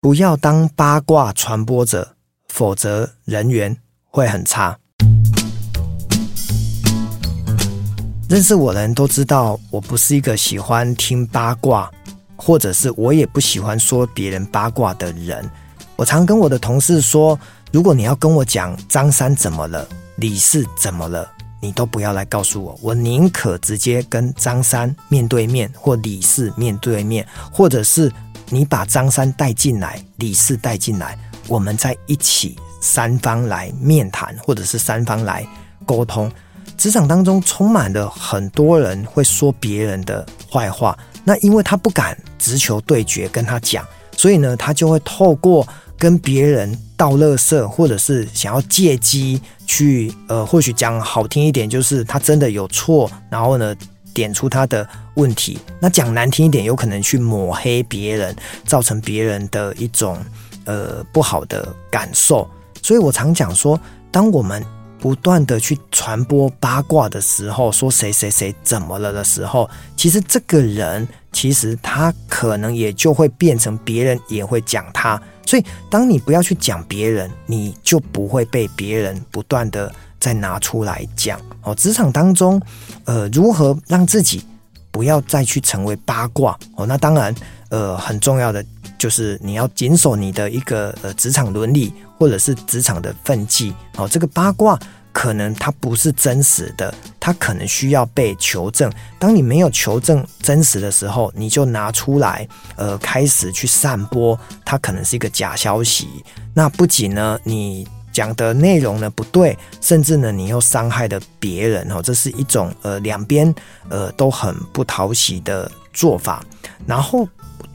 不要當八卦傳播者，否則人緣會很差。認識我的人都知道，我不是一個喜歡聽八卦，或者是我也不喜歡說別人八卦的人。我常跟我的同事說，如果你要跟我講張三怎麼了，李四怎麼了，你都不要來告訴我，我寧可直接跟張三面對面，或李四面對面，或者是。你把張三帶進來，李四帶進來，我們在一起三方來面談，或者是三方來溝通。職場當中充滿了很多人會說別人的壞話，那因為他不敢直球對決跟他講，所以呢，他就會透過跟別人倒垃圾，或者是想要借機去呃，或許講好聽一點，就是他真的有錯，然後呢。點出他的問題，那講難聽一點，有可能去抹黑別人，造成別人的一種呃不好的感受。所以我常講說，當我們不斷的去傳播八卦的時候，說誰誰誰怎麼了的時候，其實這個人其實他可能也就會變成別人也會講他。所以，當你不要去講別人，你就不會被別人不斷的再拿出來講哦。職場當中，呃，如何讓自己不要再去成為八卦哦？那當然，呃，很重要的就是你要謹守你的一個呃職場倫理或者是職場的分際哦。這個八卦。可能它不是真實的，它可能需要被求證。當你沒有求證真實的時候，你就拿出來呃開始去散播，它可能是一個假消息。那不僅呢，你講的內容呢不對，甚至呢，你又傷害了別人哦，這是一種呃兩邊呃都很不討喜的做法。然後。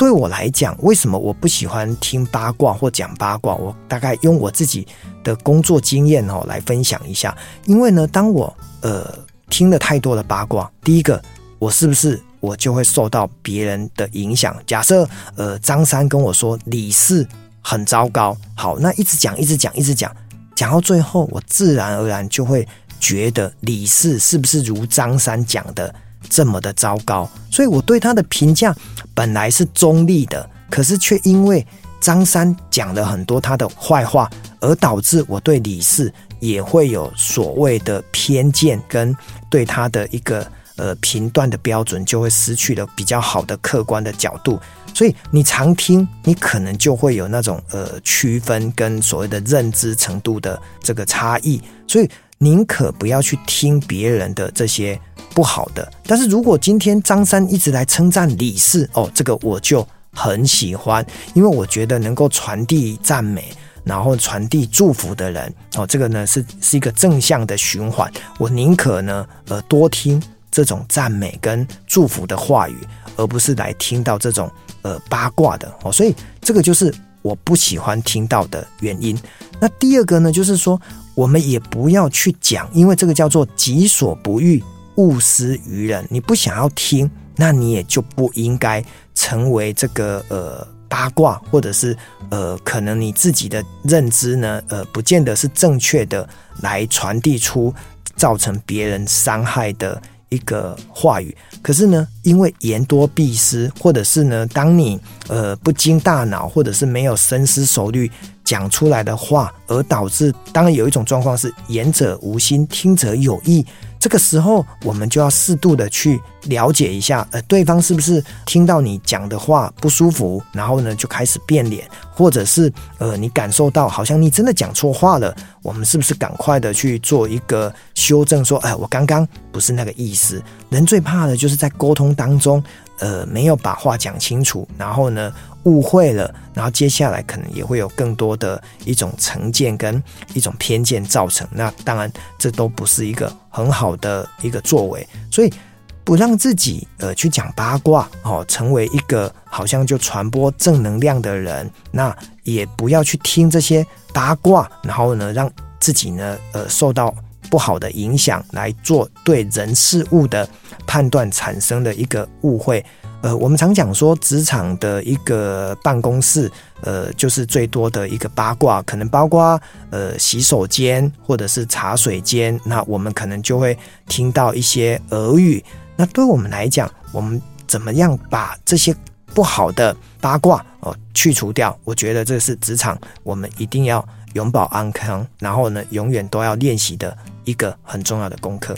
對我來講，為什麼我不喜歡聽八卦或講八卦？我大概用我自己的工作經驗哦來分享一下。因為呢，當我呃聽了太多的八卦，第一個，我是不是我就會受到別人的影響？假設呃張三跟我說李四很糟糕，好，那一直講一直講一直講，一直講，講到最後，我自然而然就會覺得李四是不是如張三講的？這麼的糟糕，所以我對他的評價本來是中立的，可是卻因為張三講了很多他的壞話，而導致我對李四也會有所謂的偏見，跟對他的一個呃評斷的標準就會失去了比較好的客觀的角度。所以你常聽，你可能就會有那種呃區分跟所謂的認知程度的這個差異。所以。寧可不要去聽別人的這些不好的，但是如果今天張三一直來稱讚李四，哦，這個我就很喜歡，因為我覺得能夠傳遞讚美，然後傳遞祝福的人，哦，這個呢是是一個正向的循環。我寧可呢，呃，多聽這種讚美跟祝福的話語，而不是來聽到這種呃八卦的。哦，所以這個就是。我不喜歡聽到的原因。那第二個呢，就是說，我們也不要去講，因為這個叫做“己所不欲，勿施於人”。你不想要聽，那你也就不應該成為這個呃八卦，或者是呃，可能你自己的認知呢，呃，不見得是正確的，來傳遞出造成別人傷害的。一個話語，可是呢，因為言多必失，或者是呢，當你呃不經大腦，或者是沒有深思熟慮講出來的話，而導致，當然有一種狀況是言者無心，聽者有意。這個時候，我們就要適度的去了解一下，呃，對方是不是聽到你講的話不舒服，然後呢，就開始變臉，或者是呃，你感受到好像你真的講錯話了，我們是不是趕快的去做一個修正，說，哎、呃，我剛剛不是那個意思。人最怕的就是在溝通當中，呃，沒有把話講清楚，然後呢。誤會了，然後接下來可能也會有更多的一種成見跟一種偏見造成。那當然，這都不是一個很好的一個作為。所以，不讓自己呃去講八卦哦，成為一個好像就傳播正能量的人。那也不要去聽這些八卦，然後呢，讓自己呢呃受到不好的影響，來做對人事物的判斷產生的一個誤會。呃，我們常講說，職場的一個辦公室，呃，就是最多的一個八卦，可能包括呃洗手間或者是茶水間，那我們可能就會聽到一些耳語。那對我們來講，我們怎麼樣把這些不好的八卦哦，呃，去除掉？我覺得這是職場我們一定要永保安康，然後呢，永遠都要練習的一個很重要的功課。